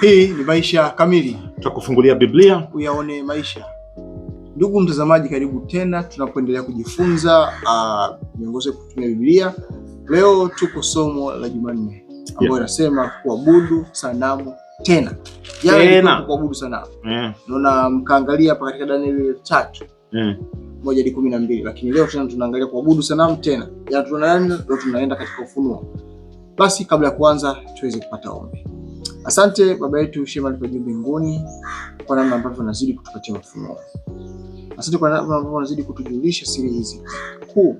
Hii ni Maisha Kamili, tutakufungulia Biblia uyaone maisha. Ndugu mtazamaji, karibu tena tunapoendelea kujifunza miongozo ah, ya kutumia Biblia. Leo tuko somo la Jumanne ambayo inasema yeah, kuabudu sanamu tena. Jana kuabudu sanamu yeah, naona mkaangalia hapa katika Danieli tatu yeah, moja hadi kumi na mbili, lakini leo tena tunaangalia kuabudu sanamu tena. ya tunaenda, leo tunaenda katika Ufunuo. Basi kabla ya kuanza tuweze kupata ombi. Asante Baba yetu shema liko juu mbinguni, kwa namna ambavyo unazidi kutupatia ufunuo. Asante kwa namna ambavyo unazidi kutujulisha siri hizi kuu.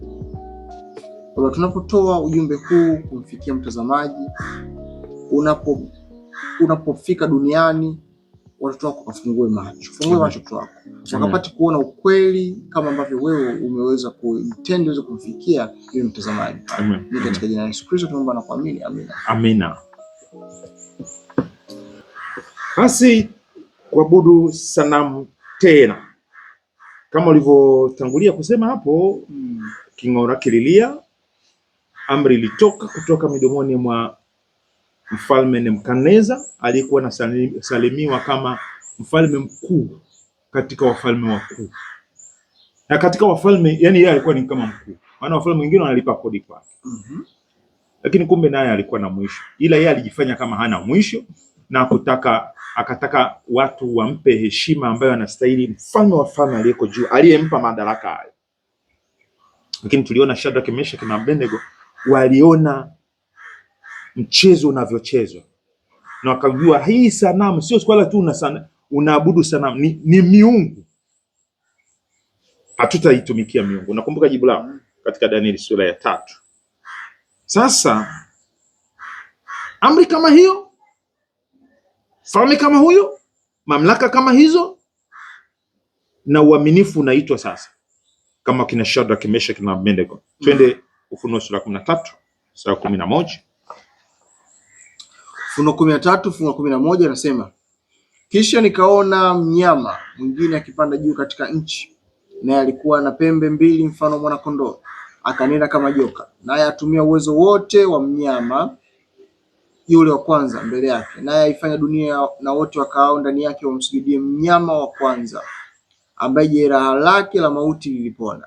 Baba, tunapotoa ujumbe huu kumfikia mtazamaji, unapo unapofika duniani, watoto wako wafungue macho, fungue macho watoto wako wakapati kuona ukweli kama ambavyo wewe umeweza kuitenda uweze kumfikia yule mtazamaji. Ni katika jina la Yesu Kristo tunaomba na kuamini, amina. Amina hasi kuabudu sanamu tena. Kama ulivyotangulia kusema hapo, king'ora kililia, amri ilitoka kutoka midomoni mwa mfalme Nemkaneza aliyekuwa anasalimiwa kama mfalme mkuu katika wafalme wakuu, na katika wafalme yani yeye alikuwa ni kama mkuu, maana wafalme wengine wanalipa kodi kwake mm -hmm. Lakini kumbe naye alikuwa na mwisho, ila yeye alijifanya kama hana mwisho na kutaka akataka watu wampe heshima ambayo anastahili mfano wa falme aliyeko juu aliyempa madaraka hayo. Lakini tuliona Shadrach, Meshach na Abednego waliona mchezo unavyochezwa na wakajua hii sanamu sio swala tu una sana, unaabudu sanamu ni, ni miungu, hatutaitumikia miungu. Nakumbuka jibu lao katika Danieli sura ya tatu. Sasa amri kama hiyo falme kama huyo, mamlaka kama hizo, na uaminifu unaitwa sasa, kama kina Shadraka, Meshaki na Abednego. Twende Ufunuo sura kumi na tatu sura kumi na moja Ufunuo kumi na tatu fungu kumi na moja anasema kisha nikaona mnyama mwingine akipanda juu katika nchi, naye alikuwa na pembe mbili mfano mwana kondoo, akanena kama joka, naye atumia uwezo wote wa mnyama yule wa kwanza mbele yake, naye aifanya dunia na wote wakaao ndani yake wamsujudie mnyama wa kwanza, ambaye jeraha lake la mauti lilipona.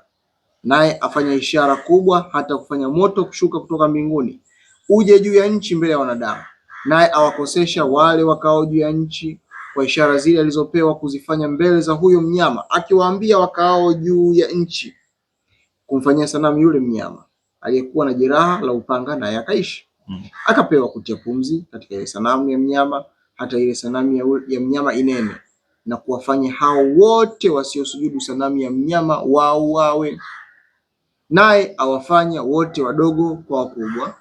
Naye afanya ishara kubwa, hata kufanya moto kushuka kutoka mbinguni uje juu ya nchi mbele ya wanadamu, naye awakosesha wale wakaao juu ya nchi kwa ishara zile alizopewa kuzifanya mbele za huyo mnyama, akiwaambia wakaao juu ya nchi kumfanyia sanamu yule mnyama aliyekuwa na jeraha la upanga, naye akaishi mm. Akapewa kutia pumzi katika ile sanamu ya mnyama, hata ile sanamu ya mnyama inene, na kuwafanya hao wote wasiosujudu sanamu ya mnyama wauawe. Naye awafanya wote wadogo kwa wakubwa,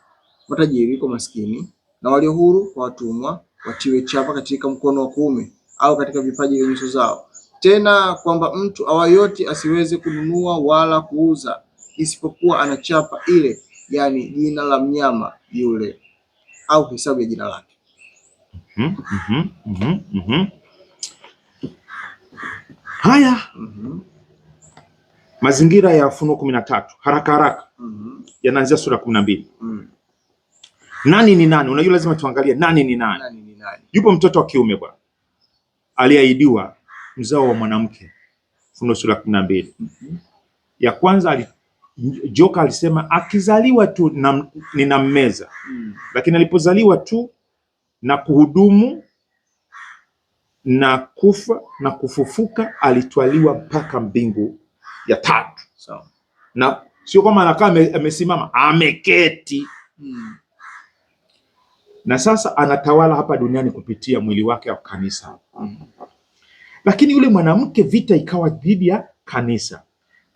matajiri kwa maskini, na walio huru kwa watumwa, watiwe chapa katika mkono wa kuume au katika vipaji vya nyuso zao tena kwamba mtu awayote asiweze kununua wala kuuza isipokuwa ana chapa ile yani jina la mnyama yule au hesabu ya jina lake. mm -hmm, mm -hmm, mm -hmm. Haya, mm -hmm. mazingira ya Ufunuo kumi na tatu haraka haraka, mm -hmm. yanaanzia sura kumi na mbili mm -hmm. nani ni nani? Unajua, lazima tuangalie nani ni nani, nani ni nani. Yupo mtoto wa kiume bwana, aliahidiwa, mzao wa mwanamke. Ufunuo sura kumi na mbili mm -hmm. ya kwanza joka alisema akizaliwa tu na, ninammeza mm. Lakini alipozaliwa tu na kuhudumu na kufa na kufufuka alitwaliwa mpaka mbingu ya tatu so. Na sio kama anakaa amesimama, ameketi mm. Na sasa anatawala hapa duniani kupitia mwili wake wa kanisa mm. Lakini yule mwanamke, vita ikawa dhidi ya kanisa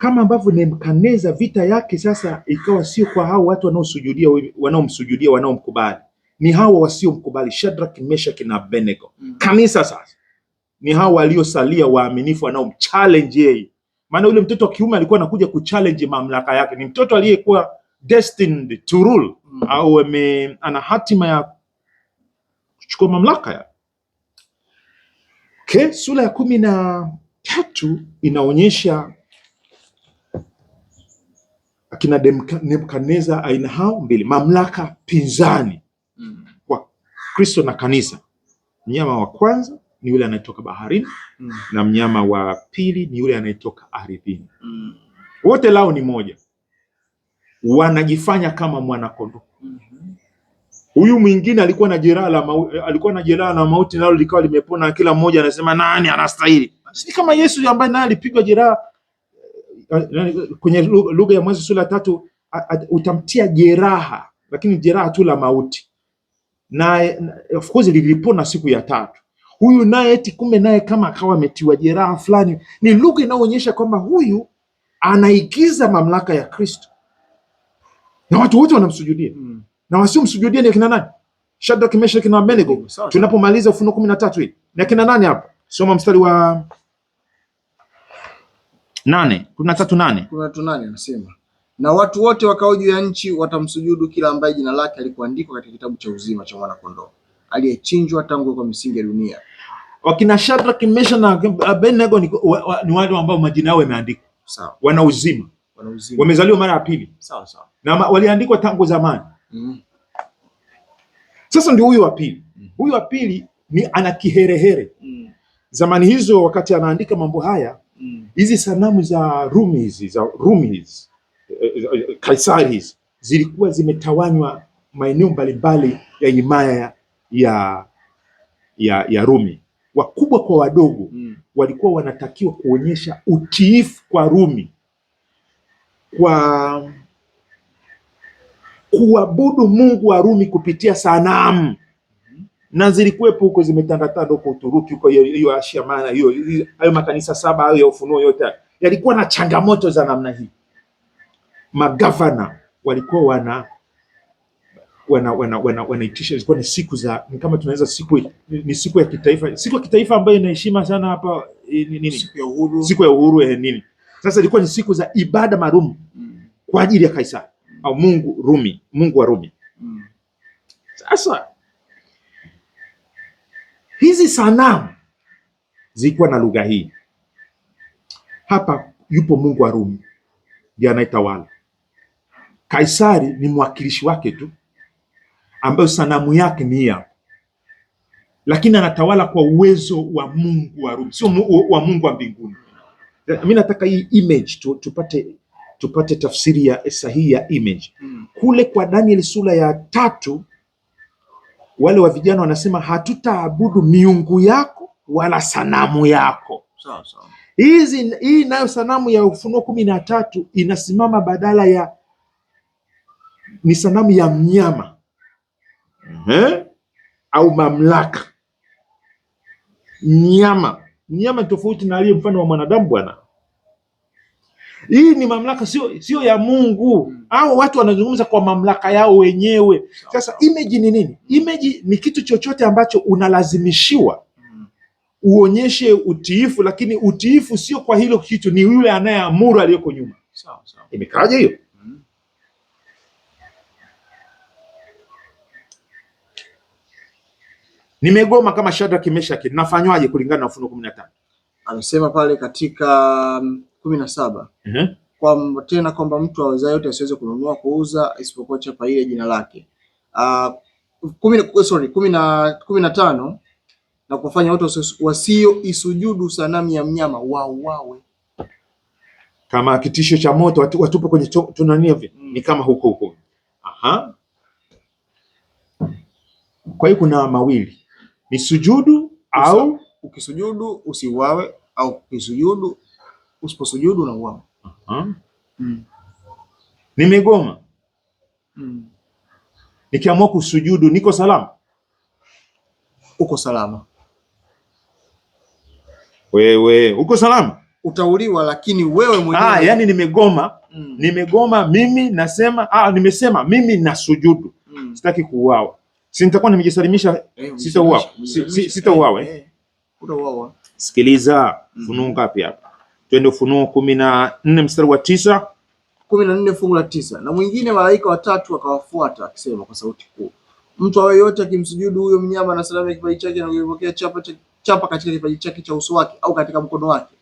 kama ambavyo Nebukadneza vita yake sasa ikawa sio kwa hao watu wanaosujudia wanaomsujudia wanaomkubali, ni hao wasiomkubali Shadrach, Meshach na Abednego. Mm. Kanisa sasa ni hao waliosalia waaminifu wanaomchallenge yeye, maana yule mtoto wa kiume alikuwa anakuja kuchallenge mamlaka yake. Ni mtoto aliyekuwa destined to rule mm. au ame, ana hatima ya kuchukua mamlaka ya. Okay, sura ya kumi na tatu inaonyesha kina Nebukadneza aina hao mbili, mamlaka pinzani mm. kwa Kristo na kanisa. Mnyama wa kwanza ni yule anayetoka baharini mm. na mnyama wa pili ni yule anayetoka ardhini mm. wote lao ni moja, wanajifanya kama mwanakondoo mm-hmm. huyu mm -hmm. mwingine alikuwa na jeraha la alikuwa na jeraha la mauti nalo likawa limepona, kila mmoja anasema nani anastahili, si kama Yesu ambaye naye alipigwa jeraha kwenye lugha ya Mwanzo sura tatu utamtia jeraha, lakini jeraha tu la mauti, na of course lilipona siku ya tatu. Huyu naye eti kumbe naye kama akawa ametiwa jeraha fulani. Ni lugha inayoonyesha kwamba huyu anaigiza mamlaka ya Kristo na watu wote wanamsujudia mm. na wasiomsujudia ni akina nani? Shadraka, Meshaki na Abednego. Tunapomaliza Ufunuo kumi na tatu ni akina nani hapa? Soma mstari wa nane kuna tatu nane kuna tatu nane anasema na watu wote wakao juu ya nchi watamsujudu kila ambaye jina lake alikuandikwa katika kitabu cha uzima cha mwanakondoo aliyechinjwa tangu kwa misingi ya dunia. Wakina Shadraka, Mesha na Abednego ni wale ambao majina yao yameandikwa, sawa, wana uzima, wana uzima, wamezaliwa mara ya pili, sawa sawa, na waliandikwa tangu zamani. mm -hmm. Sasa ndio huyu wa pili, huyu wa pili ni ana kiherehere. mm -hmm. Zamani hizo wakati anaandika mambo haya Mm. hizi mm. sanamu za Rumi hizi za Rumi eh, eh, eh, Kaisari hizi zilikuwa zimetawanywa maeneo mbalimbali ya himaya ya, ya, ya Rumi. Wakubwa kwa wadogo mm. walikuwa wanatakiwa kuonyesha utiifu kwa Rumi kwa kuabudu Mungu wa Rumi kupitia sanamu na zilikuwepo huko zimetandatanda huko Uturuki huko, hiyo Asia maana hiyo, hayo makanisa saba hayo ya ufunuo yote yalikuwa na changamoto za namna hii. Magavana walikuwa wana wana wana wana wanaitisha, ilikuwa ni siku za ni kama tunaweza siku ni siku ya kitaifa, siku ya kitaifa ambayo inaheshima sana hapa nini, siku ya uhuru, siku ya uhuru eh, nini. Sasa ilikuwa ni siku za ibada maalum mm. kwa ajili ya Kaisari au Mungu Rumi, Mungu wa Rumi. mm. Sasa hizi sanamu zikiwa na lugha hii. Hapa yupo Mungu wa Rumi ndiye anayetawala. Kaisari ni mwakilishi wake tu, ambayo sanamu yake ni ya lakini anatawala kwa uwezo wa Mungu wa Rumi, sio wa Mungu wa mbinguni. Mimi nataka hii image tu, tupate tupate tafsiri ya sahihi ya image hmm. kule kwa Danieli sura ya tatu wale wa vijana wanasema hatutaabudu miungu yako wala sanamu yako. Hizi hii nayo sanamu ya Ufunuo kumi na tatu inasimama badala ya ni sanamu ya mnyama mm-hmm. au mamlaka mnyama. Mnyama tofauti na aliye mfano wa mwanadamu bwana. Hii ni mamlaka sio, sio ya Mungu. Hmm. au watu wanazungumza kwa mamlaka yao wenyewe. Sasa image ni nini? Image ni kitu chochote ambacho unalazimishiwa hmm. uonyeshe utiifu, lakini utiifu sio kwa hilo kitu, ni yule anayeamuru aliyoko nyuma. Sawa sawa, hiyo. Hmm. Nimegoma kama Shadraka, Meshaki, nafanywaje kulingana na Ufunuo kumi na tano? Anasema pale katika kumi na saba mhm. kwa tena kwamba mtu awezaye yote asiweze kununua kuuza isipokuwa chapa ile jina lake. Uh, kumi, sorry, kumi na, kumi na tano na kufanya watu wasio isujudu sanamu ya mnyama wawawe kama kitisho cha moto watu, watupe kwenye tunania mm. Ni kama huko huko. Aha. Kwa hiyo kuna mawili ni sujudu au ukisujudu usiuawe au ukisujudu Usiposujudu unauawa. Uh-huh. Mm. Nimegoma. Mm. Nikiamua kusujudu niko salama. Uko salama. Wewe uko salama, utauliwa, lakini wewe mwenyewe ah, yani nimegoma. Mm. Nimegoma mimi nasema ah, nimesema mimi nasujudu. Mm. Sitaki kuuawa, si nitakuwa nimejisalimisha, eh, sitauawa, sitauawa. Eh? Eh, Sikiliza, mm. Funuo ngapi hapa? twende Ufunuo kumi na nne mstari wa tisa kumi na nne fungu la tisa na mwingine malaika watatu akawafuata akisema kwa sauti kuu, mtu awe yote akimsujudu huyo mnyama na sanamu ya kipaji chake na kuipokea chapa, chapa katika kipaji chake cha uso wake au katika mkono wake,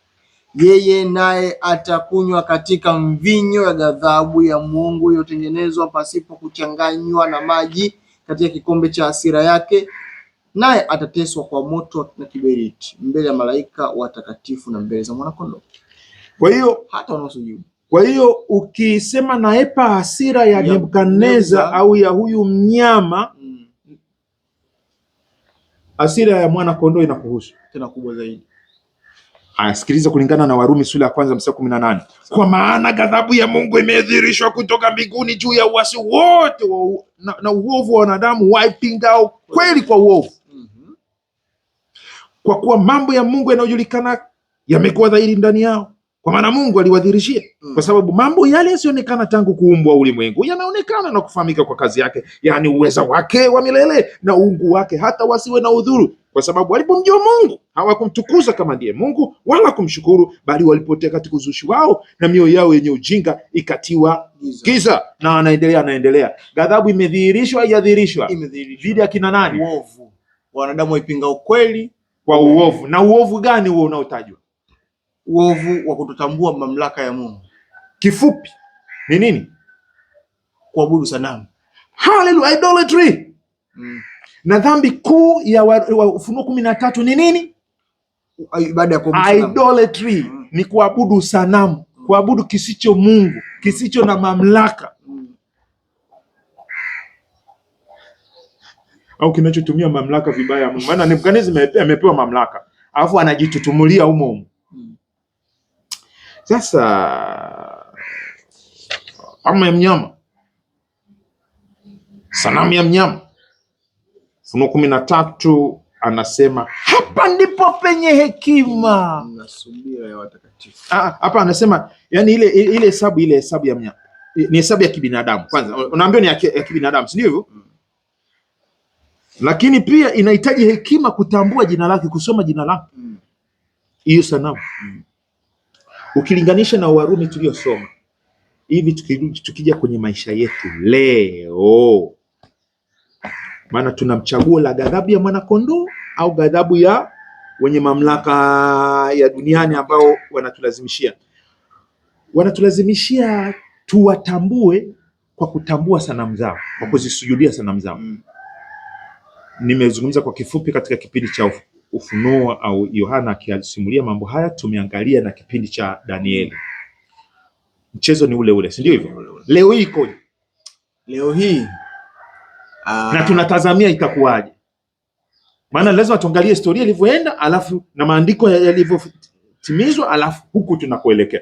yeye naye atakunywa katika mvinyo ya ghadhabu ya Mungu iliyotengenezwa pasipo kuchanganywa na maji katika kikombe cha hasira yake naye atateswa kwa moto na kiberiti mbele ya malaika watakatifu na mbele za mwanakondoo. Kwa hiyo hata wanaosujudu. Kwa hiyo ukisema naepa hasira ya Nebukadneza au ya huyu mnyama mm, hasira ya mwanakondoo inakuhusu tena kubwa zaidi. Asikiliza kulingana na Warumi sura ya kwanza mstari kumi na nane kwa maana ghadhabu ya Mungu imedhihirishwa kutoka mbinguni juu ya uasi wote na, na uovu wa wanadamu waipingao kweli kwa uovu kwa kuwa mambo ya Mungu yanayojulikana yamekuwa dhahiri ndani yao, kwa maana Mungu aliwadhihirishia. Mm. Kwa sababu mambo yale yasiyoonekana tangu kuumbwa ulimwengu yanaonekana na kufahamika kwa kazi yake, yaani uweza wake wa milele na uungu wake, hata wasiwe na udhuru, kwa sababu walipomjua Mungu hawakumtukuza kama ndiye Mungu wala kumshukuru, bali walipotea katika uzushi wao, na mioyo yao yenye ujinga ikatiwa giza, giza. Na anaendelea anaendelea, ghadhabu imedhihirishwa, haijadhihirishwa dhidi ya kina nani? Wanadamu waipinga ukweli kwa eh. uovu. Na uovu gani huo unaotajwa? Uovu wa kutotambua mamlaka ya Mungu. Kifupi ni nini? Kuabudu sanamu. Haleluya, idolatry. Mm. Na dhambi kuu ya Ufunuo kumi na tatu ni nini? Ibada ya kuabudu sanamu. Idolatry mm. ni kuabudu sanamu, kuabudu kisicho Mungu, kisicho na mamlaka au kinachotumia mamlaka vibaya ya Mungu. Maana Nebukadnezar amepewa mamlaka alafu anajitutumulia humo humo. Sasa ama ya mnyama, sanamu ya mnyama, Funuo kumi na tatu anasema hapa ndipo penye hekima na subira ya watakatifu. Ah, ah, hapa anasema yani ile ile hesabu ile hesabu ya mnyama ni hesabu ya kibinadamu. Kwanza unaambiwa ni ya kibinadamu, si hivo mm lakini pia inahitaji hekima kutambua jina lake, kusoma jina lake mm. hiyo sanamu, mm. ukilinganisha na Warumi tuliyosoma hivi. Tukija kwenye maisha yetu leo, maana tuna mchaguo la ghadhabu ya mwanakondoo au ghadhabu ya wenye mamlaka ya duniani ambao wanatulazimishia wanatulazimishia tuwatambue kwa kutambua sanamu zao, kwa kuzisujudia sanamu zao mm nimezungumza kwa kifupi katika kipindi cha Ufunuo au Yohana akisimulia mambo haya, tumeangalia na kipindi cha Danieli. Mchezo ni ule ule, si ndio? Hivyo leo hii iko Leo hii aa... Ah, na tunatazamia itakuwaje? Maana lazima tuangalie historia ilivyoenda, alafu na maandiko yalivyotimizwa, alafu huku tunakoelekea.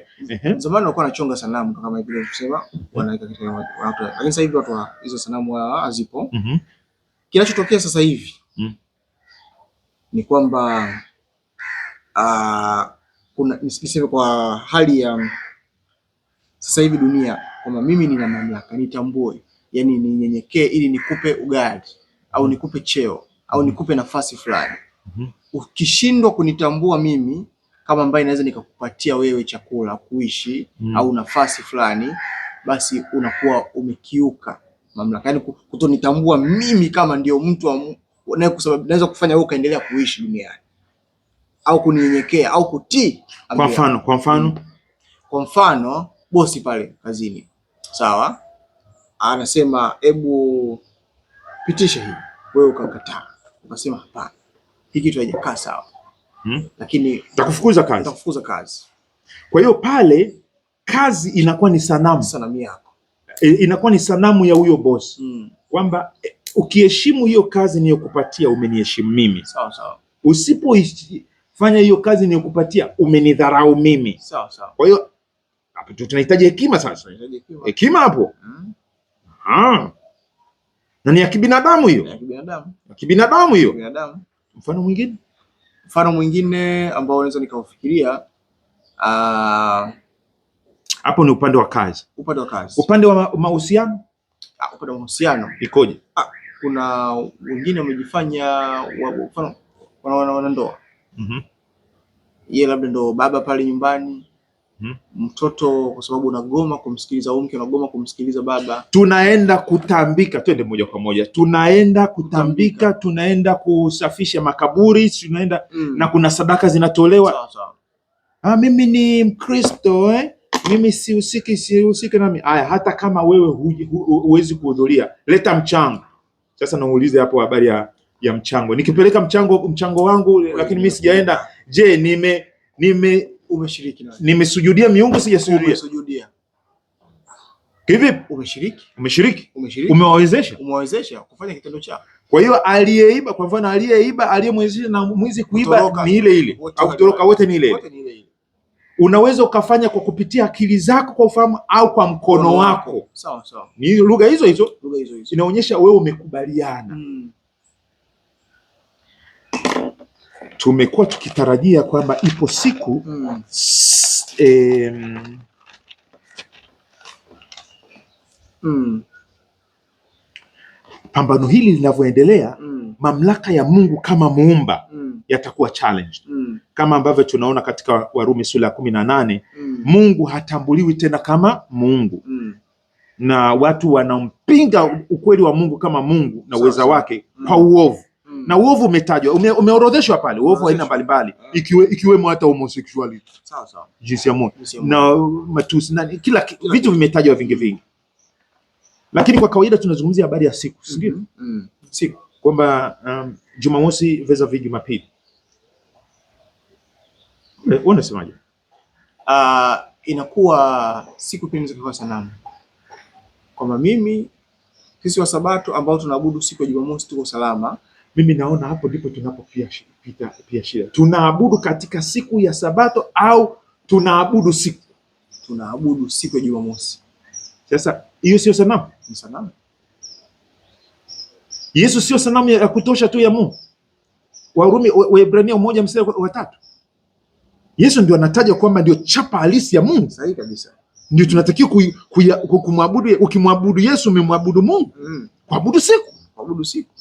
Zamani walikuwa wanachonga sanamu kama vile tunasema, wanaweka katika watu, lakini sasa hivi watu hizo sanamu hazipo. mm Kinachotokea sasa hivi mm, ni kwamba uh, kuna niseme kwa hali ya sasa hivi dunia kwamba mimi nina mamlaka, nitambue, yani ninyenyekee ili nikupe ugali au nikupe cheo au nikupe nafasi fulani. mm -hmm. Ukishindwa kunitambua mimi kama ambaye naweza nikakupatia wewe chakula kuishi, mm, au nafasi fulani, basi unakuwa umekiuka mamlaka, yani kutonitambua mimi kama ndio mtu naweza kufanya wewe ukaendelea kuishi duniani au kuninyenyekea au kutii. Kwa mfano, kwa mfano, kwa mfano bosi pale kazini, sawa, anasema hebu pitisha hii, wewe ukakataa, ukasema hapana, hii kitu haijakaa sawa hmm? Lakini takufukuza kazi, takufukuza kazi. Kwa hiyo pale kazi inakuwa ni sanamu, sanamu yako e, inakuwa ni sanamu ya huyo bosi mm. kwamba e, ukiheshimu hiyo kazi niyokupatia umeniheshimu mimi sawa sawa. Usipofanya hiyo kazi niyokupatia umenidharau mimi sawa sawa. Kwa hiyo hapo tunahitaji hekima sasa, hekima hapo mm. ah. na ni ya kibinadamu hiyo, ya kibinadamu hiyo. Mfano mwingine, mfano mwingine ambao unaweza nikaufikiria uh... Ah, hapo ni upande wa kazi. Upande wa kazi. Upande wa mahusiano? Ah, upande wa mahusiano ikoje? Ah, kuna wengine wamejifanya mfano wana ndoa. Mhm. Yeye labda ndo baba pale nyumbani. Hmm. Mtoto kwa sababu unagoma kumsikiliza mke, unagoma kumsikiliza baba. Tunaenda kutambika, twende moja kwa moja, tunaenda kutambika, kutambika. Tunaenda kusafisha makaburi, tunaenda hmm. na kuna sadaka zinatolewa. Sawa sawa. Ah, mimi ni Mkristo eh? mimi sihusiki, sihusiki nami. aya hata kama wewe huwezi kuhudhuria, leta mchango. Sasa naulize hapo habari ya ya mchango, nikipeleka mchango mchango wangu lakini mimi sijaenda, je, nime nime umeshiriki nani? nimesujudia miungu? Sijasujudia Kivi Umeshiriki, umeshiriki, umewawezesha, umewawezesha kufanya kitendo chao. Kwa hiyo aliyeiba, kwa mfano, aliyeiba, aliyemwezesha na mwizi kuiba ni ile ile, au kutoroka, wote ni ile ile unaweza ukafanya kwa kupitia akili zako kwa ufahamu au kwa mkono wako. Sawa sawa, ni lugha hizo hizo, lugha hizo hizo inaonyesha wewe umekubaliana. mm. Tumekuwa tukitarajia kwamba ipo siku mm. em, mm. pambano hili linavyoendelea mm. mamlaka ya Mungu kama muumba mm. yatakuwa challenged mm kama ambavyo tunaona katika Warumi sura ya kumi na nane mm. Mungu hatambuliwi tena kama Mungu mm. na watu wanampinga ukweli wa Mungu kama Mungu na uweza wake mm. kwa uovu mm. na uovu umetajwa, umeorodheshwa pale, uovu aina mbalimbali mm. ikiwemo ikiwe hata homosexuality, sawa sawa, jinsia moja na matusi na kila vitu vimetajwa vingi vingi, lakini kwa kawaida tunazungumzia habari ya siku, si ndio? Mm-hmm. mm -hmm. siku kwamba um, Jumamosi vis-a-vis Jumapili Eh, wewe unasemaje? Uh, inakuwa siku pia kwa sanamu kwamba mimi sisi wa Sabato ambao tunaabudu siku ya Jumamosi tuko salama. Mimi naona hapo ndipo tunapopia pia shida. Tunaabudu katika siku ya Sabato au tunaabudu siku tunaabudu siku ya Jumamosi? Sasa hiyo sio sanamu, ni sanamu. Yesu sio sanamu ya kutosha tu ya Mungu. Warumi, Waebrania moja mstari wa tatu Yesu ndio anataja kwamba ndio chapa halisi ya Mungu. Sahihi kabisa, ndio tunatakiwa kumwabudu. Ukimwabudu Yesu umemwabudu Mungu. Mm. Kuabudu siku kuabudu siku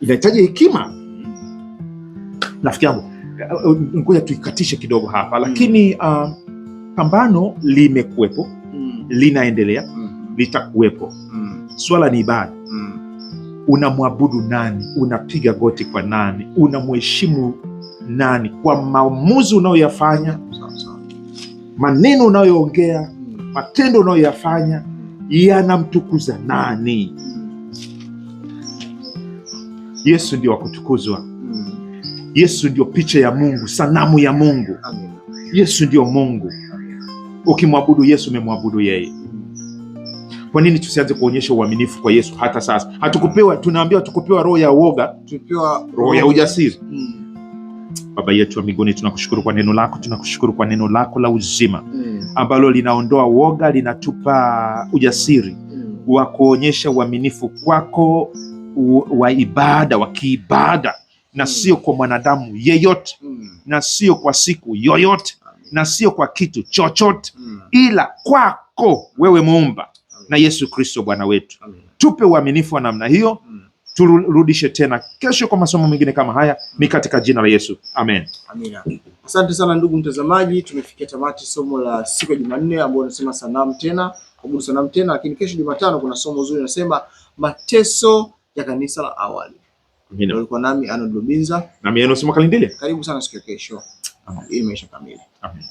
inahitaji hekima. nafikiri yangu, ngoja tuikatishe kidogo hapa, lakini mm. uh, pambano limekuwepo, mm. linaendelea, mm. litakuwepo, swala ni ibada unamwabudu nani, unapiga goti kwa nani, unamheshimu nani, kwa maamuzi unayoyafanya, maneno unayoongea, matendo unayoyafanya yanamtukuza nani? Yesu ndio wakutukuzwa. Yesu ndio picha ya Mungu, sanamu ya Mungu. Yesu ndio Mungu. Ukimwabudu Yesu umemwabudu yeye. Kwa nini tusianze kuonyesha uaminifu kwa Yesu hata sasa? Hatukupewa, tunaambiwa tukupewa roho ya uoga, roho ya ujasiri hmm. Baba yetu wa mbinguni, tunakushukuru kwa neno lako, tunakushukuru kwa neno lako la uzima mm. ambalo linaondoa woga linatupa ujasiri mm. wa kuonyesha uaminifu kwako wa ibada wa kiibada na mm. sio kwa mwanadamu yeyote mm. na sio kwa siku yoyote na sio kwa kitu chochote mm. ila kwako wewe Muumba na Yesu Kristo Bwana wetu. Amen. Tupe uaminifu wa namna hiyo mm. Turudishe tena kesho kwa masomo mengine kama haya, ni mm. katika jina la Yesu amen. Amina. Asante sana ndugu mtazamaji, tumefikia tamati somo la siku ya Jumanne ambao unasema sanamu tena, abudu sanamu tena, lakini kesho Jumatano kuna somo zuri nasema mateso ya kanisa la awali. Amina. Ulikuwa nami Arnold Lubinza. Nami Enos Makalindile. Karibu sana siku ya kesho. imeisha kamili. Amen.